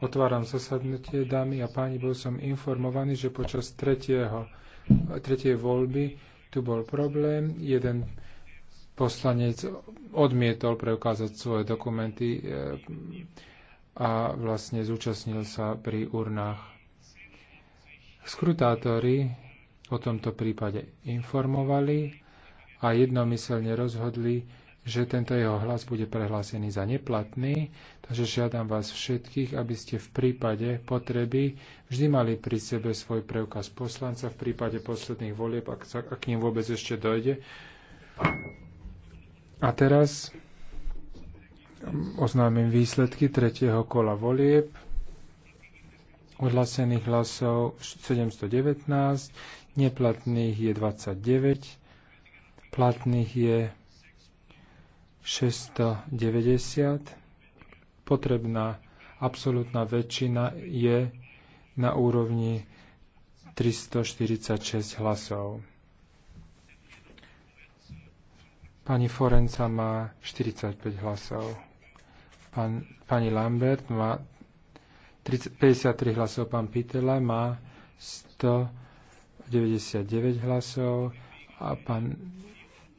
Otváram zasadnutie, dámy a páni, bol som informovaný, že počas tretieho, tretej voľby tu bol problém. Jeden poslanec odmietol preukázať svoje dokumenty eh, a vlastne zúčastnil sa pri urnách. Skrutátori o tomto prípade informovali a jednomyselne rozhodli, že tento jeho hlas bude prehlásený za neplatný, takže žiadam vás všetkých, aby ste v prípade potreby vždy mali pri sebe svoj preukaz poslanca v prípade posledných volieb, ak, ak k ním vôbec ešte dojde. A teraz oznámim výsledky tretieho kola volieb. Odhlasených hlasov 719, neplatných je 29, platných je 690. Potrebná absolútna väčšina je na úrovni 346 hlasov. Pani Forenca má 45 hlasov. Pán, pani Lambert má 53 hlasov. Pán Pitela má 199 hlasov. A pán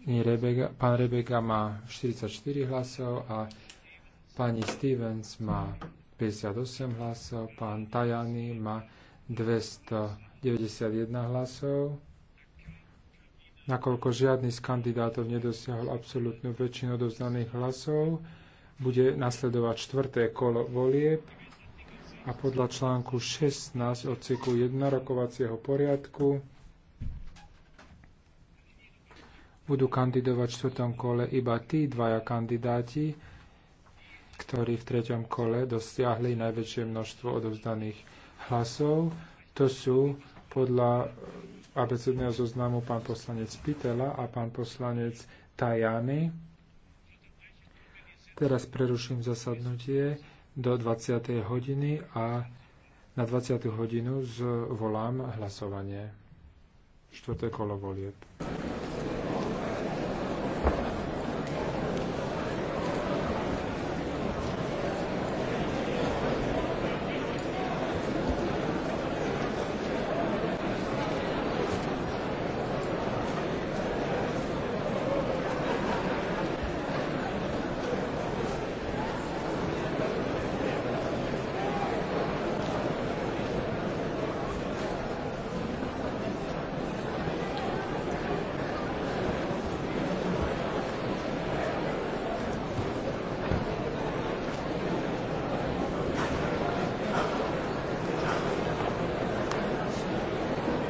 Rebega, pán Rebeka má 44 hlasov a pani Stevens má 58 hlasov, pán Tajani má 291 hlasov. Nakoľko žiadny z kandidátov nedosiahol absolútnu väčšinu doznaných hlasov, bude nasledovať štvrté kolo volieb a podľa článku 16 odseku 1 rokovacieho poriadku budú kandidovať v štvrtom kole iba tí dvaja kandidáti, ktorí v treťom kole dosiahli najväčšie množstvo odovzdaných hlasov. To sú podľa abecedného zoznamu pán poslanec Pitela a pán poslanec Tajany. Teraz preruším zasadnutie do 20. hodiny a na 20. hodinu zvolám hlasovanie. Štvrté kolo volieb.